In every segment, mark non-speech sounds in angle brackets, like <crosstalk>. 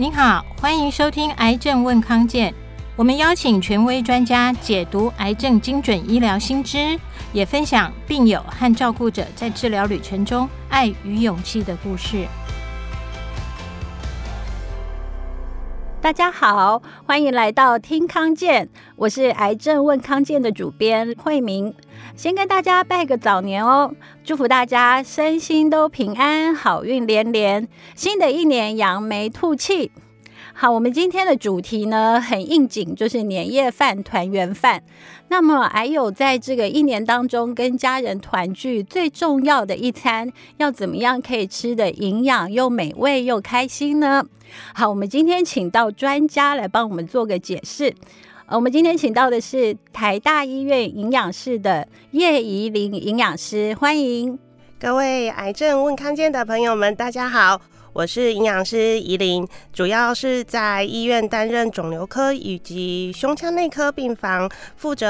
您好，歡迎收聽《癌症問康健》，我們邀請權威專家解讀癌症精準醫療新知，也分享病友和照顧者在治療旅程中愛與勇氣的故事。大家好，歡迎來到聽康健，我是《癌症問康健》的主編惠明。先跟大家拜個早年哦，祝福大家身心都平安，好運連連。新的一年揚眉吐氣。好，我們今天的主題呢很應景，就是年夜飯、團圓飯。那麼還有在這個一年當中，跟家人團聚最重要的一餐，要怎麼樣可以吃得營養又美味又開心呢？好，我們今天請到專家來幫我們做個解釋。我們今天請到的是台大醫院營養室的葉宜玲營養師。歡迎各位癌症問康健的朋友們，大家好，我是營養師宜玲，主要是在醫院擔任腫瘤科以及胸腔內科病房，負責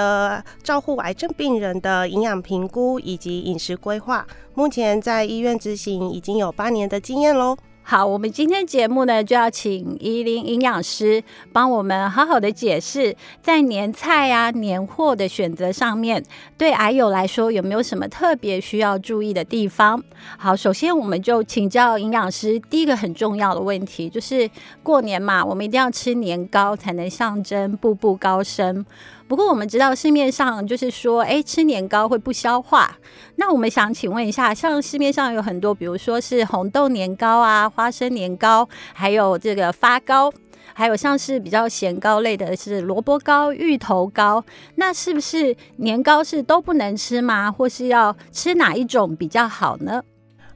照顧癌症病人的營養評估以及飲食規劃，目前在醫院執行已經有八年的經驗嘍。好，我們今天節目呢，就要請宜玲營養師幫我們好好的解釋，在年菜啊、年貨的選擇上面，對癌友來說有沒有什麼特別需要注意的地方？好，首先我們就請教營養師，第一個很重要的問題就是過年嘛，我們一定要吃年糕，才能象徵步步高升。不過我們知道市面上就是說，欸，吃年糕會不消化。那我們想請問一下，像市面上有很多，比如說是紅豆年糕啊、花生年糕，還有這個發糕，還有像是比較鹹糕類的，是蘿蔔糕、芋頭糕。那是不是年糕是都不能吃嗎？或是要吃哪一種比較好呢？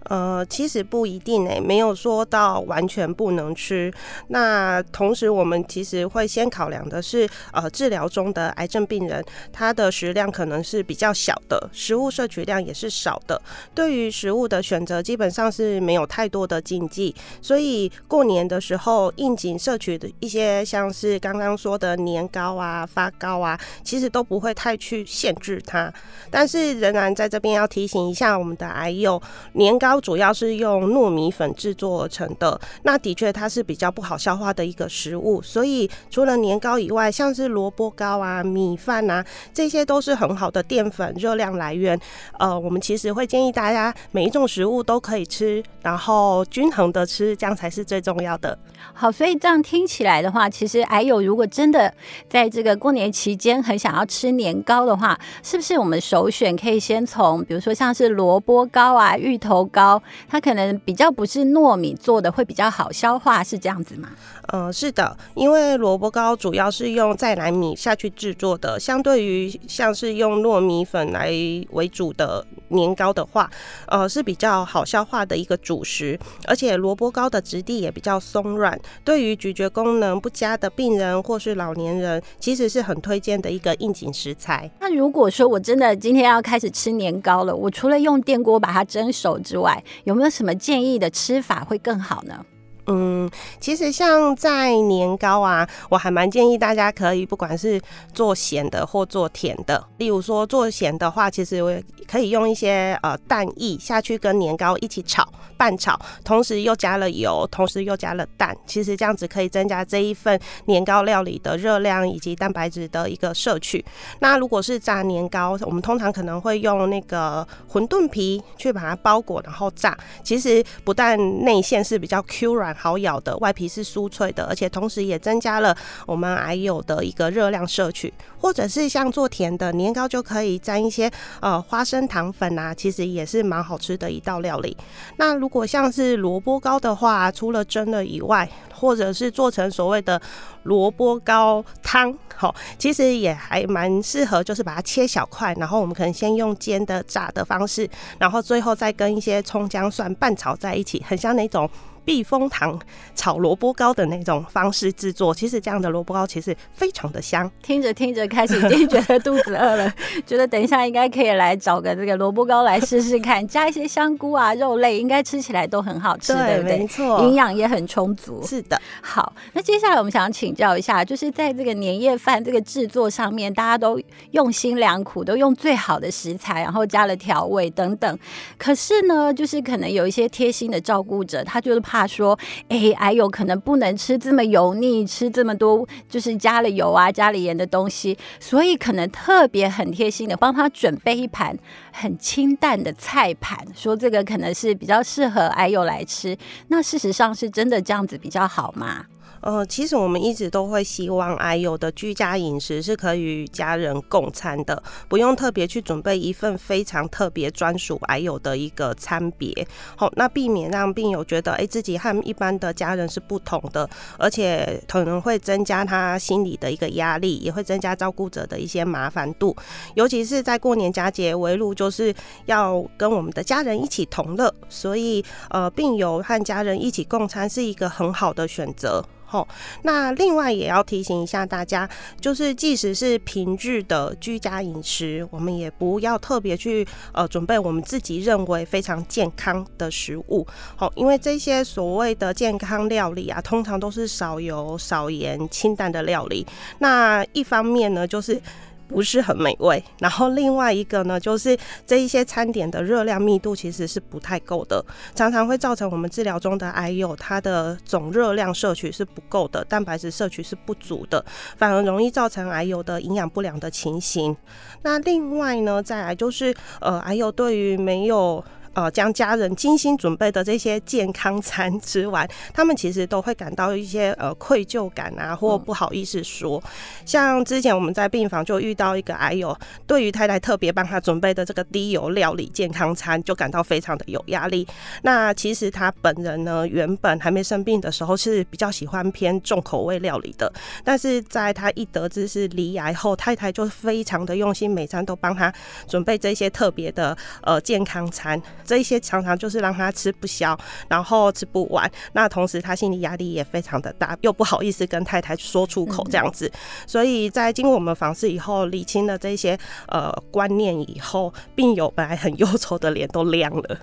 呃，其實不一定呢、欸，沒有說到完全不能吃。那同時，我們其實會先考量的是，呃，治療中的癌症病人，他的食量可能是比較小的，食物攝取量也是少的。對於食物的選擇，基本上是沒有太多的禁忌。所以過年的時候，應景攝取的一些，像是剛剛說的年糕啊、發糕啊，其實都不會太去限制它。但是仍然在這邊要提醒一下我們的癌友，年糕，主要是用糯米粉製作而成的。那的確它是比較不好消化的一個食物，所以除了年糕以外，像是蘿蔔糕啊、米飯啊，這些都是很好的澱粉熱量來源。呃，我們其實會建議大家每一種食物都可以吃，然後均衡的吃，這樣才是最重要的。好，所以這樣聽起來的話，其實癌友如果真的在這個過年期間很想要吃年糕的話，是不是我們首選可以先從，比如說像是蘿蔔糕啊、芋頭糕啊，糕，它可能比較不是糯米做的，會比較好消化，是這樣子嗎？呃，是的，因為蘿蔔糕主要是用再來米下去制作的，相對於像是用糯米粉來為主的年糕的話，呃，是比較好消化的一個主食，而且蘿蔔糕的質地也比較鬆軟，對於咀嚼功能不佳的病人或是老年人，其實是很推薦的一個應景食材。那如果說我真的今天要開始吃年糕了，我除了用電鍋把它蒸熟之外，有沒有什麼建議的吃法會更好呢？嗯，其實像在年糕啊，我還蠻建議大家可以，不管是做鹹的或做甜的。例如說做鹹的話，其實可以用一些呃蛋液下去跟年糕一起炒，拌炒，同時又加了油，同時又加了蛋。其實這樣子可以增加這一份年糕料理的熱量以及蛋白質的一個攝取。那如果是炸年糕，我們通常可能會用那個餛飩皮去把它包裹然後炸。其實不但內餡是比較 Q 軟。好咬的外皮是酥脆的，而且同時也增加了我們癌友的一個熱量攝取，或者是像做甜的年糕就可以沾一些呃花生糖粉啊，其實也是蠻好吃的一道料理。那如果像是蘿蔔糕的話，除了蒸了以外，或者是做成所謂的蘿蔔糕湯，哈、哦，其實也還蠻適合，就是把它切小塊，然後我們可能先用煎的、炸的方式，然後最後再跟一些蔥、薑、蒜拌炒在一起，很像那種。避風塘炒蘿蔔糕的那種方式制作，其實這樣的蘿蔔糕其實非常的香。聽着聽着，開始已經覺得肚子餓了， <laughs> 覺得等一下應該可以來找個這個蘿蔔糕來試試看，加一些香菇啊肉類，應該吃起來都很好吃，對,對不對？沒錯，營養也很充足。是的。好，那接下來我們想請教一下，就是在這個年夜飯這個制作上面，大家都用心良苦，都用最好的食材，然後加了調味等等。可是呢，就是可能有一些貼心的照顧者，他覺得怕。怕說：“哎、欸，哎，癌友可能不能吃這麼油膩，吃這麼多就是加了油啊、加了鹽的東西，所以可能特別很貼心的幫他準備一盤很清淡的菜盤，說這個可能是比較適合哎，癌友來吃。那事實上是真的這樣子比較好嗎？呃，其實我們一直都會希望癌友的居家飲食是可以與家人共餐的，不用特別去準備一份非常特別專屬癌友的一個餐別。好、哦，那避免讓病友覺得哎、欸、自己和一般的家人是不同的，而且可能會增加他心理的一個壓力，也會增加照顧者的一些麻煩度。尤其是在過年佳節圍爐，露就是要跟我們的家人一起同樂，所以呃，病友和家人一起共餐是一個很好的選擇。好、哦，那另外也要提醒一下大家，就是即使是平日的居家飲食，我們也不要特別去呃準備我們自己認為非常健康的食物。好、哦，因為這些所謂的健康料理啊，通常都是少油少鹽清淡的料理。那一方面呢，就是。不是很美味，然後另外一個呢，就是這一些餐點的熱量密度其實是不太夠的，常常會造成我們治療中的癌友他的總熱量攝取是不夠的，蛋白質攝取是不足的，反而容易造成癌友的營養不良的情形。那另外呢，再來就是，呃，癌友對於沒有。呃，將家人精心準備的這些健康餐吃完，他們其實都會感到一些呃愧疚感啊，或不好意思說。像之前我們在病房就遇到一個癌友，對於太太特別幫他準備的這個低油料理健康餐，就感到非常的有壓力。那其實他本人呢，原本還沒生病的時候是比較喜歡偏重口味料理的，但是在他一得知是罹癌後，太太就非常的用心，每餐都幫他準備這些特別的呃健康餐。這些常常就是讓他吃不消，然後吃不完。那同時他心理壓力也非常的大，又不好意思跟太太說出口這樣子。嗯、哼所以在經過我們訪視以後，理清了這些呃觀念以後，病友本來很憂愁的臉都亮了。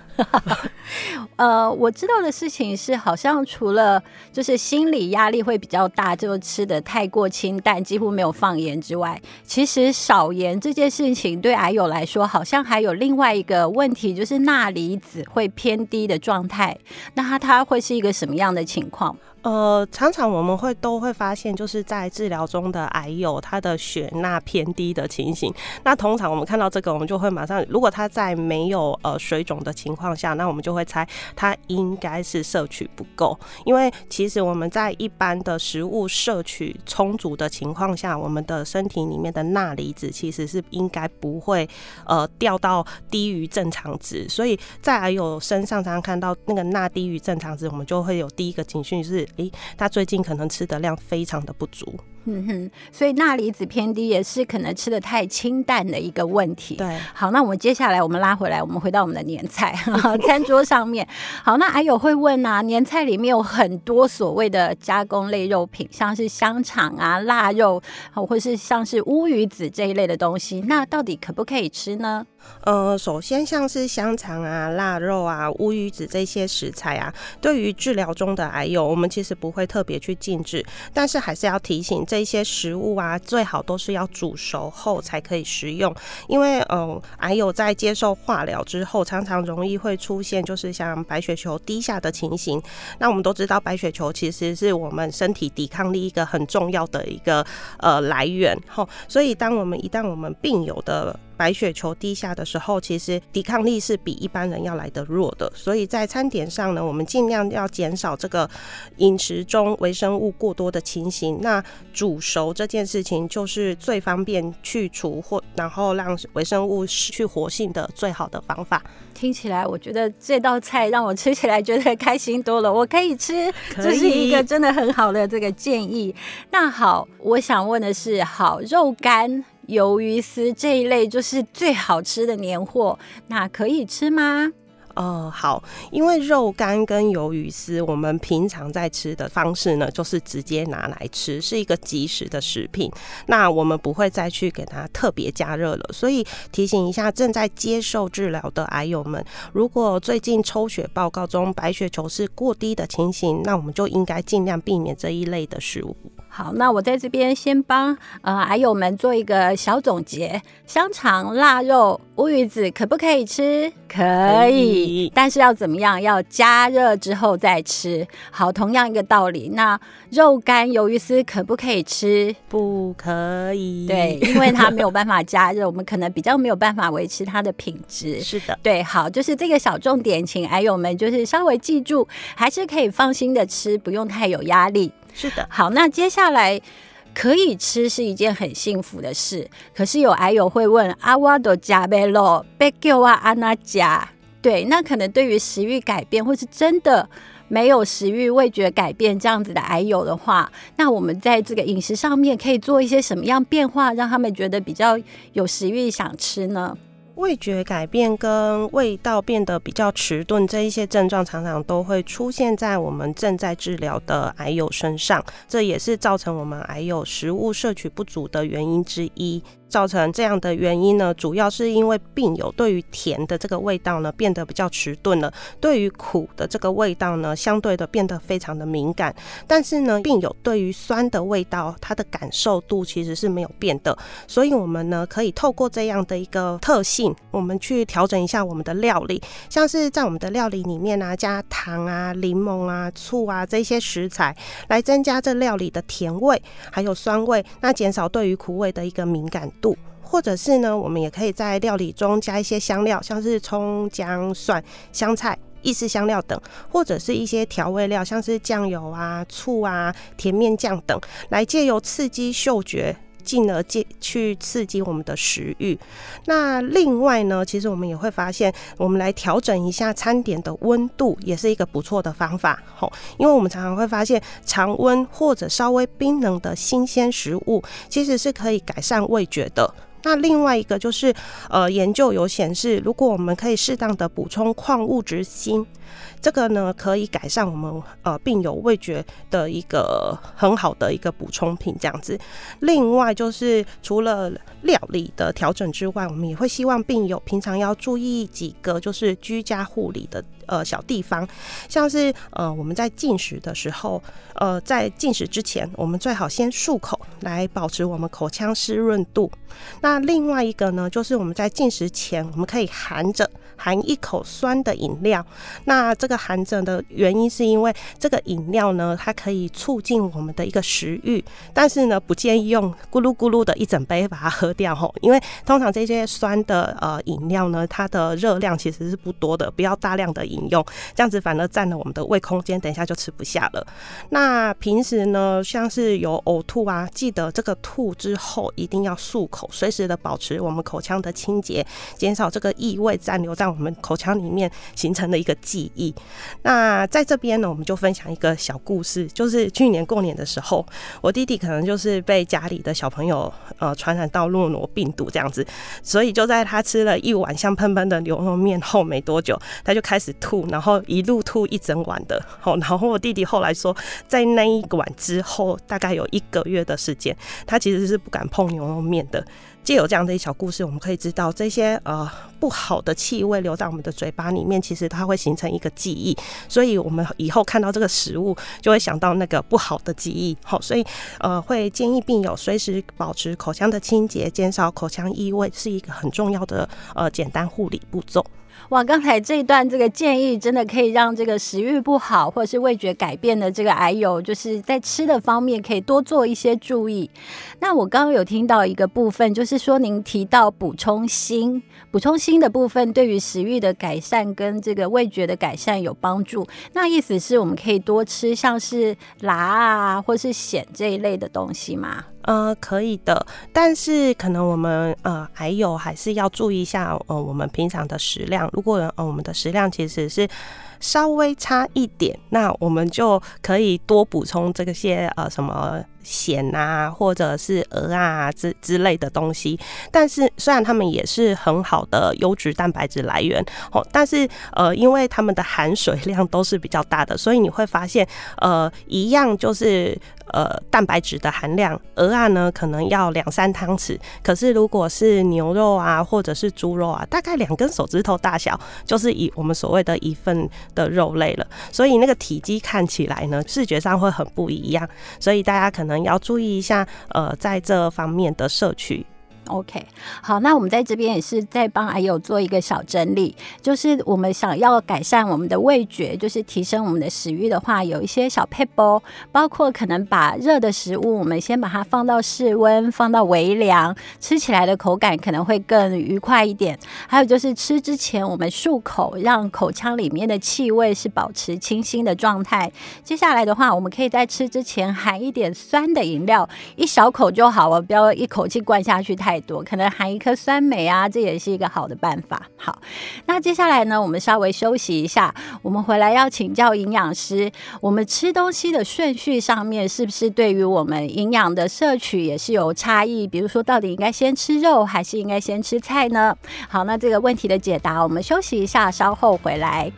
<laughs> 呃，我知道的事情是，好像除了就是心理壓力會比較大，就吃得太過清淡，幾乎沒有放鹽之外，其實少鹽這件事情對癌友來說，好像還有另外一個問題，就是鈉。離子會偏低的狀態，那它它會是一個什麼樣的情況？呃，常常我們會都會發現，就是在治療中的癌友，他的血鈉偏低的情形。那通常我們看到這個，我們就會馬上，如果他在沒有呃水腫的情況下，那我們就會猜他應該是攝取不夠。因為其實我們在一般的食物攝取充足的情況下，我們的身體裡面的鈉離子其實是應該不會呃掉到低於正常值。所以在癌友身上常常看到那個鈉低於正常值，我們就會有第一個警訊是。哎，他最近可能吃的量非常的不足，嗯哼，所以鈉離子偏低也是可能吃得太清淡的一個問題。對，好，那我們接下來我們拉回來，我們回到我們的年菜餐桌上面。 <laughs> 好，那還有會問啊，年菜裡面有很多所謂的加工類肉品，像是香腸啊、臘肉，或是像是烏魚子這一類的東西，那到底可不可以吃呢？呃，首先像是香腸啊、臘肉啊、烏魚子這些食材啊，對於治療中的癌友，我們其實不會特別去禁止，但是還是要提醒這些食物啊，最好都是要煮熟後才可以食用。因為，嗯、呃，癌友在接受化療之後，常常容易會出現就是像白血球低下的情形。那我們都知道，白血球其實是我們身體抵抗力一個很重要的一個呃來源吼、哦，所以，當我們一旦我們病友的白血球低下的時候，其實抵抗力是比一般人要來得弱的，所以在餐點上呢，我們盡量要減少這個飲食中微生物過多的情形。那煮熟這件事情，就是最方便去除或然後讓微生物失去活性的最好的方法。聽起來，我覺得這道菜讓我吃起來覺得開心多了，我可以吃，這以是一個真的很好的這個建議。那好，我想問的是，好肉乾。魷魚絲這一類就是最好吃的年貨，那可以吃嗎？哦、呃，好，因為肉乾跟魷魚絲，我們平常在吃的方式呢，就是直接拿來吃，是一個即食的食品。那我們不會再去給它特別加熱了。所以提醒一下正在接受治療的癌友們，如果最近抽血報告中白血球是過低的情形，那我們就應該盡量避免這一類的食物。好，那我在這邊先幫呃癌友們做一個小總結：香腸、臘肉、烏魚子可不可以吃？可以，可以但是要怎麼樣？要加熱之後再吃。好，同樣一個道理。那肉乾、魷魚絲可不可以吃？不可以。對，因為它沒有辦法加熱， <laughs> 我們可能比較沒有辦法維持它的品質。是的。對，好，就是這個小重點，請癌友們就是稍微記住，還是可以放心的吃，不用太有壓力。是的，好，那接下來可以吃是一件很幸福的事。可是有癌友會問：“阿瓦、 <noise> 啊、都加貝嘍，貝克瓦阿那加。”對，那可能對於食欲改變或是真的沒有食欲、味覺改變這樣子的癌友的話，那我們在這個飲食上面可以做一些什麼樣變化，讓他們覺得比較有食欲，想吃呢？味覺改變跟味道變得比較遲鈍，這一些症狀常常都會出現在我們正在治療的癌友身上，這也是造成我們癌友食物攝取不足的原因之一。造成這樣的原因呢，主要是因為病友對於甜的這個味道呢變得比較遲鈍了，對於苦的這個味道呢相對的變得非常的敏感，但是呢病友對於酸的味道它的感受度其實是沒有變的，所以我們呢可以透過這樣的一個特性，我們去調整一下我們的料理，像是在我們的料理裡面呢、啊、加糖啊、檸檬啊、醋啊這些食材來增加這料理的甜味，還有酸味，那減少對於苦味的一個敏感。度，或者是呢，我們也可以在料理中加一些香料，像是蔥、薑、蒜、香菜、意式香料等，或者是一些調味料，像是醬油啊、醋啊、甜麵醬等，來借由刺激嗅覺。進而進去刺激我們的食慾。那另外呢，其實我們也會發現，我們來調整一下餐點的溫度，也是一個不錯的方法。吼，因為我們常常會發現，常溫或者稍微冰冷的新鮮食物，其實是可以改善味覺的。那另外一個就是，呃，研究有顯示，如果我們可以適當的補充礦物質鋅。這個呢，可以改善我們呃病友味覺的一個很好的一個補充品這樣子。另外就是除了料理的調整之外，我們也會希望病友平常要注意幾個，就是居家護理的呃小地方，像是呃我們在進食的時候，呃在進食之前，我們最好先漱口，來保持我們口腔濕潤度。那另外一個呢，就是我們在進食前，我們可以含着。含一口酸的飲料，那這個含着的原因是因為這個飲料呢，它可以促進我們的一個食慾，但是呢，不建議用咕嚕咕嚕的一整杯把它喝掉吼，因為通常這些酸的呃飲料呢，它的熱量其實是不多的，不要大量的飲用，這樣子反而占了我們的胃空間，等一下就吃不下了。那平時呢，像是有嘔吐啊，記得這個吐之後一定要漱口，隨時的保持我們口腔的清潔，減少這個異味殘留，這樣。我們口腔裡面形成的一個記憶。那在這邊呢，我們就分享一個小故事，就是去年過年的時候，我弟弟可能就是被家裡的小朋友呃傳染到諾羅病毒，這樣子，所以就在他吃了一碗香噴噴的牛肉麵後沒多久，他就開始吐，然後一路吐一整碗的。哦，然後我弟弟後來說，在那一個碗之後，大概有一個月的時間，他其實是不敢碰牛肉麵的。藉由這樣的一小故事，我們可以知道這些呃不好的氣味留在我們的嘴巴裡面，其實它會形成一個記憶，所以我們以後看到這個食物就會想到那個不好的記憶。好、哦，所以呃會建議病友隨時保持口腔的清潔，減少口腔異味是一個很重要的呃簡單護理步驟。哇，剛才這一段這個建議真的可以讓這個食慾不好或者是味覺改變的這個癌友，就是在吃的方面可以多做一些注意。那我剛剛有聽到一個部分，就是說您提到補充鋅，補充鋅的部分對於食慾的改善跟這個味覺的改善有幫助。那意思是我們可以多吃像是辣啊或是鹹這一類的東西嗎？呃，可以的，但是可能我們呃還有還是要注意一下，呃，我們平常的食量。如果呃我們的食量其實是稍微差一點，那我們就可以多補充這個些呃什麼鹹啊，或者是鵝啊之之類的東西。但是雖然它們也是很好的優質蛋白質來源，哦，但是呃因為它們的含水量都是比較大的，所以你會發現呃一樣就是。呃，蛋白質的含量，蚵仔呢，可能要兩三湯匙，可是如果是牛肉啊，或者是豬肉啊，大概兩根手指頭大小，就是以我們所謂的一份的肉類了。所以那個體積看起來呢，視覺上會很不一樣，所以大家可能要注意一下，呃，在這方面的攝取。OK，好，那我們在這邊也是在幫癌友做一個小整理，就是我們想要改善我們的味覺，就是提升我們的食欲的話，有一些小撇步，包括可能把熱的食物，我們先把它放到室溫，放到微涼，吃起來的口感可能會更愉快一點。還有就是吃之前，我們漱口，讓口腔裡面的氣味是保持清新的狀態。接下來的話，我們可以在吃之前含一點酸的飲料，一小口就好了，我們不要一口氣灌下去太多。多可能含一顆酸梅啊，這也是一個好的辦法。好，那接下來呢，我們稍微休息一下。我們回來要請教營養師，我們吃東西的順序上面是不是對於我們營養的攝取也是有差異？比如說，到底應該先吃肉還是應該先吃菜呢？好，那這個問題的解答，我們休息一下，稍後回來。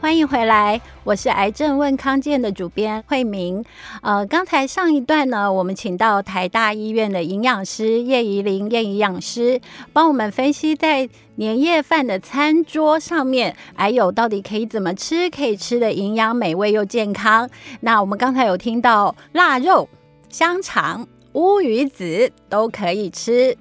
歡迎回來，我是癌症問康健的主編惠明。呃，剛才上一段呢，我們請到台大醫院的營養師葉宜玲葉營養師，幫我們分析在年夜飯的餐桌上面，還有到底可以怎麼吃，可以吃的營養美味又健康。那我們剛才有聽到臘肉、香腸。烏魚子都可以吃，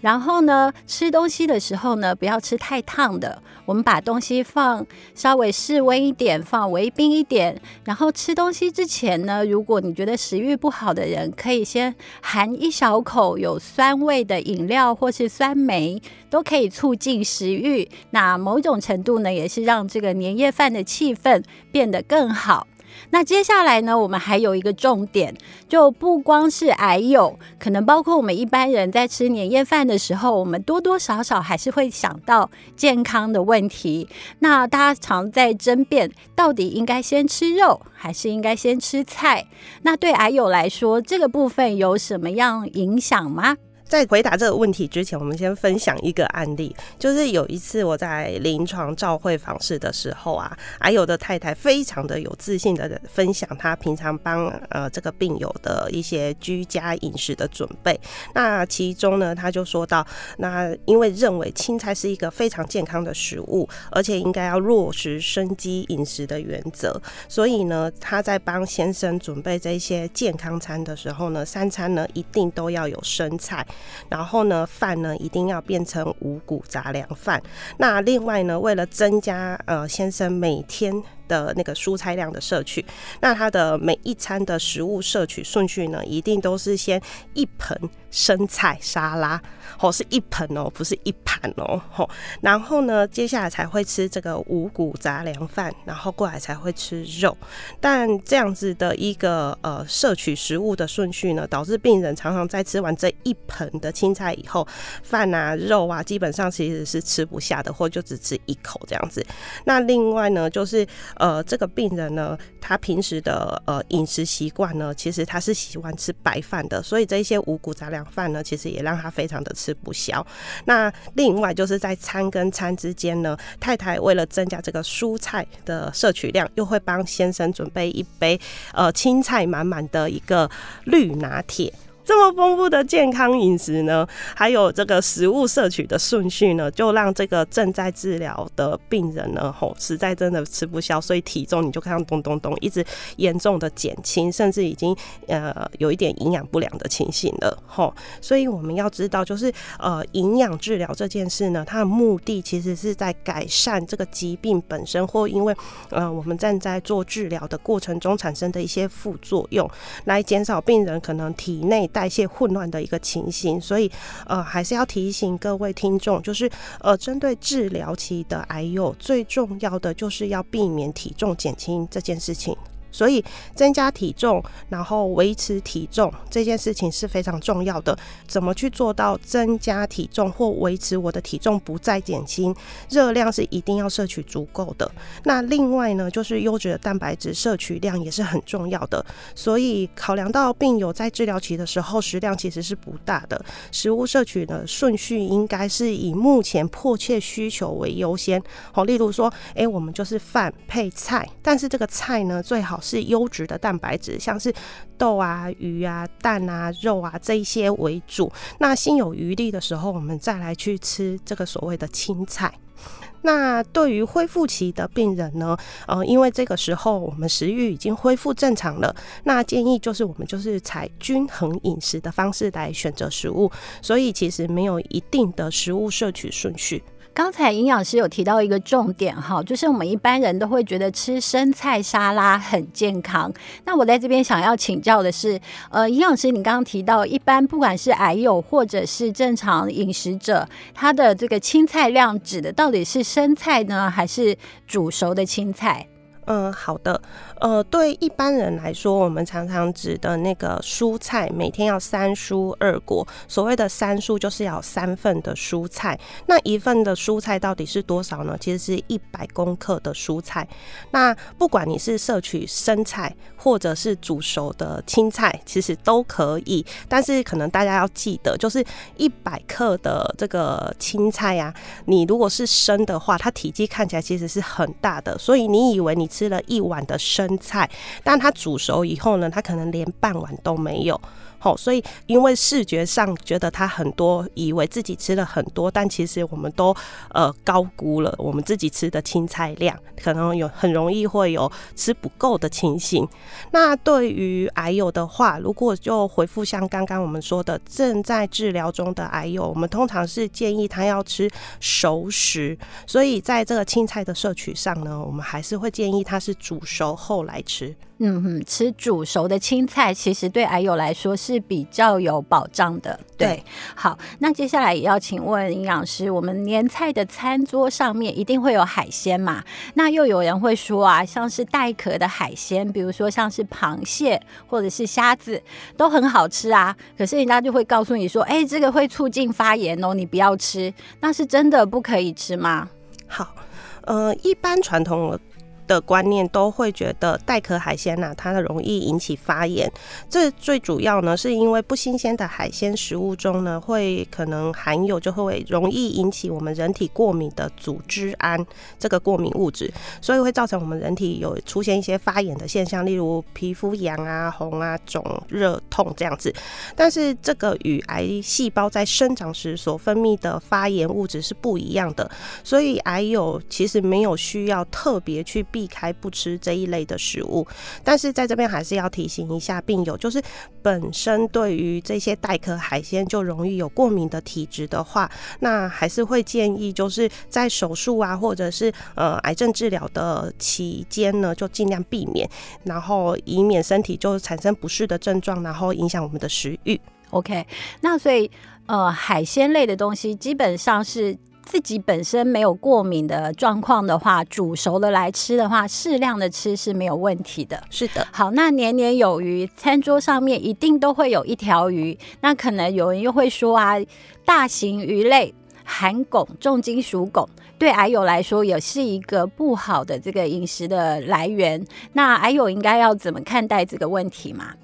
然後呢，吃東西的時候呢，不要吃太燙的。我們把東西放稍微室溫一點，放微冰一點。然後吃東西之前呢，如果你覺得食欲不好的人，可以先含一小口有酸味的飲料或是酸梅，都可以促進食欲。那某種程度呢，也是讓這個年夜飯的氣氛變得更好。那接下來呢，我們還有一個重點，就不光是癌友，可能包括我們一般人在吃年夜飯的時候，我們多多少少還是會想到健康的問題。那大家常在爭辯，到底應該先吃肉還是應該先吃菜？那對癌友來說，這個部分有什麼樣影響嗎？在回答這個問題之前，我們先分享一個案例。就是有一次我在臨床照會訪視的時候啊，還有的太太非常的有自信的分享她平常幫呃這個病友的一些居家飲食的準備。那其中呢，她就說到，那因為認為青菜是一個非常健康的食物，而且應該要落實生機飲食的原則，所以呢，她在幫先生準備這些健康餐的時候呢，三餐呢一定都要有生菜。然後呢，飯呢一定要變成五穀雜糧飯。那另外呢，為了增加呃先生每天。的那個蔬菜量的攝取，那它的每一餐的食物攝取順序呢，一定都是先一盆生菜沙拉哦，是一盆哦，不是一盤哦，吼、哦，然後呢，接下來才會吃這個五穀雜糧飯，然後過來才會吃肉，但這樣子的一個呃攝取食物的順序呢，導致病人常常在吃完這一盆的青菜以後，飯啊肉啊基本上其實是吃不下的，或就只吃一口這樣子。那另外呢，就是。呃，這個病人呢，他平時的呃飲食習慣呢，其實他是喜歡吃白飯的，所以這一些五穀雜糧飯呢，其實也讓他非常的吃不消。那另外就是在餐跟餐之間呢，太太為了增加這個蔬菜的攝取量，又會幫先生準備一杯呃青菜滿滿的一個綠拿鐵。這麼豐富的健康飲食呢，還有這個食物攝取的順序呢，就讓這個正在治療的病人呢，吼，實在真的吃不消，所以體重你就看，咚咚咚，一直嚴重的減輕，甚至已經呃有一點營養不良的情形了，吼。所以我們要知道，就是呃，營養治療這件事呢，它的目的其實是在改善這個疾病本身，或因為呃我們正在做治療的過程中產生的一些副作用，來減少病人可能體內。代謝混亂的一個情形，所以呃，還是要提醒各位聽眾，就是呃，針對治療期的癌友，最重要的就是要避免體重減輕這件事情。所以增加體重，然後維持體重這件事情是非常重要的。怎麼去做到增加體重或維持我的體重不再減輕？熱量是一定要攝取足夠的。那另外呢，就是優質的蛋白質攝取量也是很重要的。所以考量到病友在治療期的時候食量其實是不大的，食物攝取的順序應該是以目前迫切需求為優先。好，例如說，誒，我們就是飯配菜，但是這個菜呢，最好。是優質的蛋白質，像是豆啊、魚啊、蛋啊、肉啊這一些為主。那心有餘力的時候，我們再來去吃這個所謂的青菜。那對於恢復期的病人呢，呃，因為這個時候我們食慾已經恢復正常了，那建議就是我們就是採均衡飲食的方式來選擇食物。所以其實沒有一定的食物攝取順序。剛才營養師有提到一個重點哈，就是我們一般人都會覺得吃生菜沙拉很健康。那我在這邊想要請教的是，呃，營養師，你剛剛提到，一般不管是癌友或者是正常飲食者，他的這個青菜量指的到底是生菜呢，還是煮熟的青菜？嗯、呃，好的。呃，對一般人來說，我們常常指的那個蔬菜，每天要三蔬二果。所謂的三蔬，就是要有三份的蔬菜。那一份的蔬菜到底是多少呢？其實是一百公克的蔬菜。那不管你是攝取生菜，或者是煮熟的青菜，其實都可以。但是可能大家要記得，就是一百克的這個青菜啊，你如果是生的話，它體積看起來其實是很大的，所以你以為你。吃了一碗的生菜，但它煮熟以後呢，它可能連半碗都沒有。哦，所以因為視覺上覺得它很多，以為自己吃了很多，但其實我們都呃高估了我們自己吃的青菜量，可能有很容易會有吃不夠的情形。那對於癌友的話，如果就回復像剛剛我們說的，正在治療中的癌友，我們通常是建議他要吃熟食，所以在這個青菜的攝取上呢，我們還是會建議他是煮熟後來吃。嗯哼，吃煮熟的青菜其實對癌友來說是比較有保障的。對，對好，那接下來也要請問營養師，我們年菜的餐桌上面一定會有海鮮嘛？那又有人會說啊，像是帶殼的海鮮，比如說像是螃蟹或者是蝦子，都很好吃啊。可是人家就會告訴你說，哎、欸，這個會促進發炎哦，你不要吃，那是真的不可以吃嗎？好，呃，一般傳統的。的觀念都會覺得帶殼海鮮吶、啊，它容易引起發炎。這最主要呢，是因為不新鮮的海鮮食物中呢，會可能含有就會容易引起我們人體過敏的組織胺這個過敏物質，所以會造成我們人體有出現一些發炎的現象，例如皮膚癢啊、紅啊、腫、熱、痛這樣子。但是這個與癌細胞在生長時所分泌的發炎物質是不一樣的，所以癌友其實沒有需要特別去。避開不吃這一類的食物，但是在這邊還是要提醒一下病友，就是本身對於這些帶殼海鮮就容易有過敏的體質的話，那還是會建議就是在手術啊，或者是呃癌症治療的期間呢，就盡量避免，然後以免身體就產生不適的症狀，然後影響我們的食欲。OK，那所以呃海鮮類的東西基本上是，自己本身沒有過敏的狀況的話，煮熟了來吃的話，適量的吃是沒有問題的。是的，好，那年年有餘，餐桌上面一定都會有一條魚。那可能有人又會說啊，大型魚類含汞，重金屬汞對癌友來說也是一個不好的這個飲食的來源。那癌友應該要怎麼看待這個問題嘛？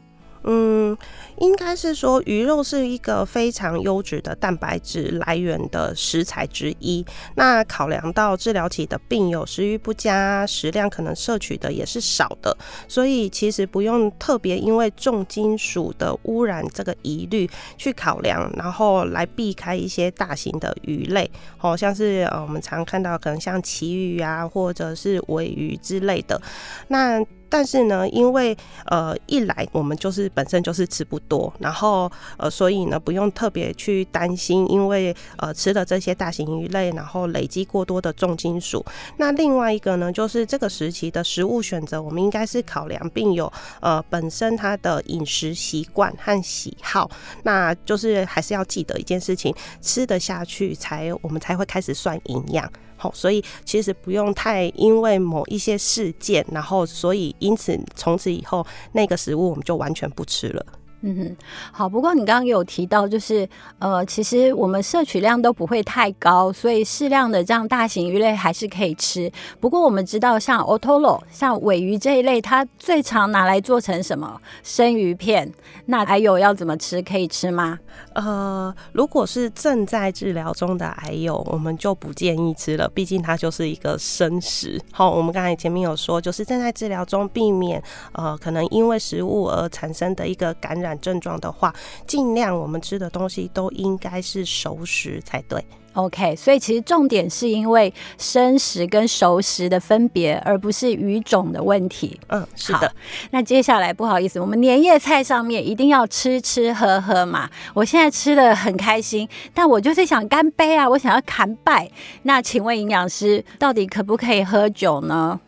嗯，應該是說，魚肉是一個非常優質的蛋白質來源的食材之一。那考量到治療期的病友食慾不佳，食量可能攝取的也是少的，所以其實不用特別因為重金屬的污染這個疑慮去考量，然後來避開一些大型的魚類，好、哦、像是、哦、我們常看到可能像旗魚啊，或者是鮪魚之類的，那。但是呢，因為呃，一來我們就是本身就是吃不多，然後呃，所以呢不用特別去擔心，因為呃吃了這些大型魚類，然後累積過多的重金屬。那另外一個呢，就是這個時期的食物選擇，我們應該是考量病友呃本身它的飲食習慣和喜好。那就是還是要記得一件事情，吃得下去才我們才會開始算營養。好、哦，所以其實不用太因為某一些事件，然後所以因此從此以後那個食物我們就完全不吃了。嗯哼，好。不過你剛剛有提到，就是呃，其實我們攝取量都不會太高，所以適量的這樣大型魚類還是可以吃。不過我們知道，像 otolo 像鮪魚這一類，它最常拿來做成什麼？生魚片。那癌友要怎麼吃？可以吃嗎？呃，如果是正在治療中的癌友，o, 我們就不建議吃了，畢竟它就是一個生食。好、哦，我們剛才前面有說，就是正在治療中，避免呃可能因為食物而產生的一個感染。症狀的話，儘量我們吃的東西都應該是熟食才對。OK，所以其實重點是因為生食跟熟食的分別，而不是魚種的問題。嗯，是的。那接下來不好意思，我們年夜菜上面一定要吃吃喝喝嘛。我現在吃得很開心，但我就是想乾杯啊，我想要扛拜。那請問營養師到底可不可以喝酒呢？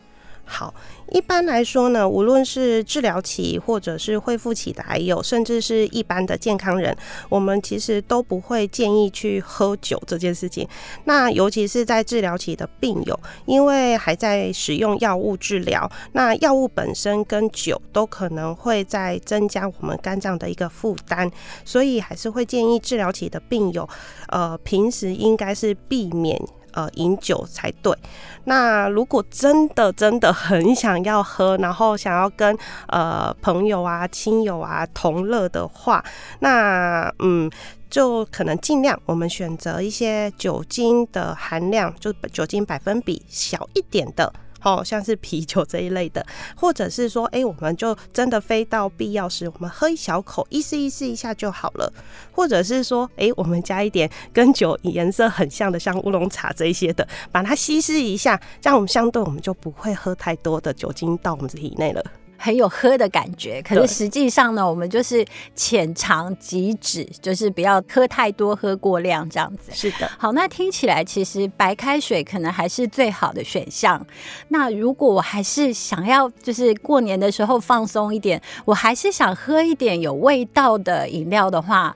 好。一般來說呢，無論是治療期或者是恢復期的還有，甚至是一般的健康人，我們其實都不會建議去喝酒這件事情。那尤其是在治療期的病友，因為還在使用藥物治療，那藥物本身跟酒都可能會再增加我們肝臟的一個負擔，所以還是會建議治療期的病友，呃，平時應該是避免。呃，飲酒才對。那如果真的真的很想要喝，然後想要跟呃朋友啊、親友啊同樂的話，那嗯，就可能盡量我們選擇一些酒精的含量，就酒精百分比小一點的。好像是啤酒這一類的，或者是說，誒、欸，我們就真的非到必要時，我們喝一小口，意思意思一下就好了。或者是說，誒、欸，我們加一點跟酒顏色很像的，像烏龍茶這一些的，把它稀釋一下，這樣我們相對我們就不會喝太多的酒精到我們體內了。很有喝的感覺，可是實際上呢，對我們就是淺嘗即止，就是不要喝太多，喝過量這樣子。是的，好，那聽起來其實白開水可能還是最好的選項。那如果我還是想要就是過年的時候放鬆一點，我還是想喝一點有味道的飲料的話，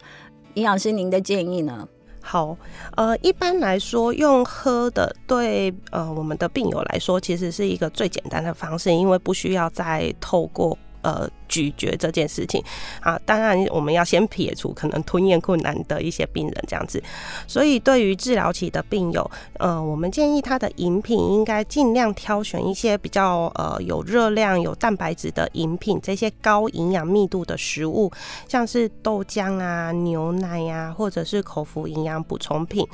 營養師您的建議呢？好，呃，一般來說，用喝的，對，呃，我們的病友來說，其實是一個最簡單的方式，因為不需要再透過，呃。咀嚼這件事情啊，當然我們要先撇除可能吞嚥困難的一些病人這樣子，所以對於治療期的病友，呃，我們建議他的飲品應該儘量挑選一些比較呃有熱量、有蛋白質的飲品，這些高營養密度的食物，像是豆漿啊、牛奶呀、啊，或者是口服營養補充品。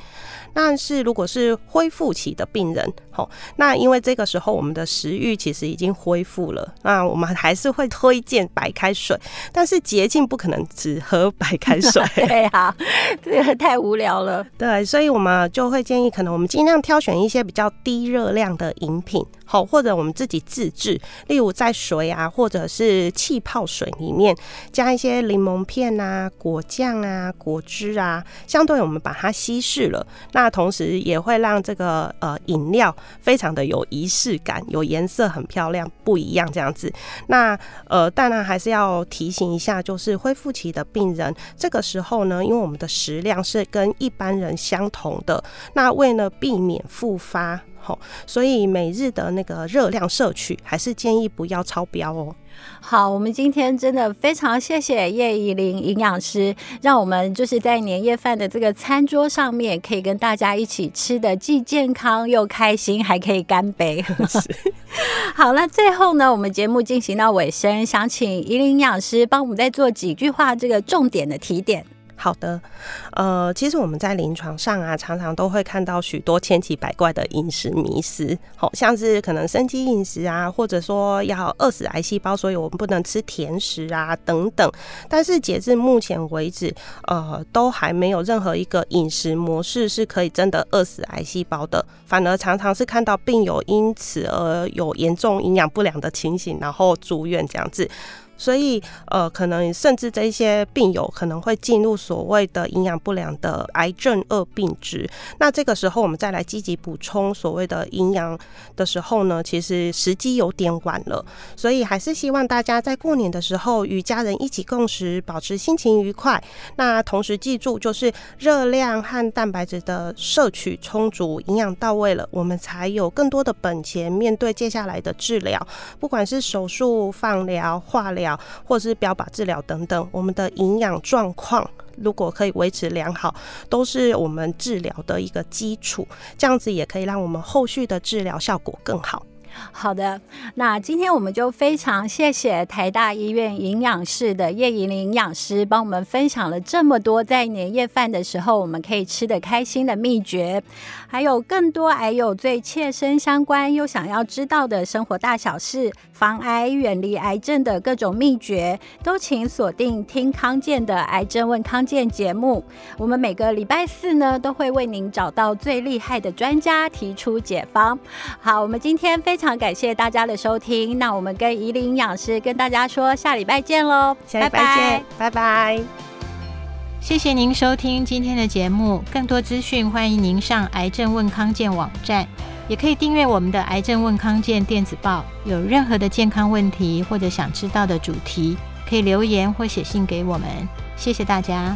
但是如果是恢復期的病人，好，那因為這個時候我們的食慾其實已經恢復了，那我們還是會推薦。白開水，但是節慶，不可能只喝白開水， <laughs> 對啊，這個太無聊了。對，所以我們就會建議，可能我們盡量挑選一些比較低熱量的飲品。好，或者我們自己自製，例如在水啊，或者是氣泡水裡面加一些檸檬片啊、果醬啊、果汁啊，相對我們把它稀釋了，那同時也會讓這個呃飲料非常的有儀式感，有顏色很漂亮，不一樣這樣子。那呃，當然啊，還是要提醒一下，就是恢復期的病人，這個時候呢，因為我們的食量是跟一般人相同的，那為了避免復發。好，所以每日的那個熱量攝取還是建議不要超標哦。好，我們今天真的非常謝謝葉宜玲營養師，讓我們就是在年夜飯的這個餐桌上面，可以跟大家一起吃的既健康又開心，還可以乾杯。是 <laughs> 好，那最後呢，我們節目進行到尾聲，想請宜玲營養師幫我們再做幾句話這個重點的提點。好的，呃，其實我們在臨床上啊，常常都會看到許多千奇百怪的飲食迷思，哦，好像是可能生機飲食啊，或者說要餓死癌細胞，所以我們不能吃甜食啊等等。但是截至目前為止，呃，都還沒有任何一個飲食模式是可以真的餓死癌細胞的，反而常常是看到病友因此而有嚴重營養不良的情形，然後住院這樣子。所以，呃，可能甚至這些病友可能會進入所謂的營養不良的癌症惡病質，那這個時候，我們再來積極補充所謂的營養的時候呢，其實時機有點晚了。所以，還是希望大家在過年的時候與家人一起共食，保持心情愉快。那同時記住，就是熱量和蛋白質的攝取充足，營養到位了，我們才有更多的本錢面對接下來的治療，不管是手術、放療、化療。或者是標靶治療等等，我們的營養狀況如果可以維持良好，都是我們治療的一個基礎，這樣子也可以讓我們後續的治療效果更好。好的，那今天我們就非常謝謝台大醫院營養室的葉宜玲營養師，幫我們分享了這麼多在年夜飯的時候我們可以吃得開心的秘訣，還有更多癌友最切身相關又想要知道的生活大小事，防癌遠離癌症的各種秘訣，都請鎖定聽康健的《癌症問康健》節目。我們每個禮拜四呢，都會為您找到最厲害的專家，提出解方。好，我們今天非。非常感謝大家的收聽，那我們跟宜玲營養師跟大家說，下禮拜見嘍！下禮拜見，bye bye 拜拜！謝謝您收聽今天的節目，更多資訊歡迎您上癌症問康健網站，也可以訂閱我們的癌症問康健電子報。有任何的健康問題或者想知道的主題，可以留言或寫信給我們。謝謝大家。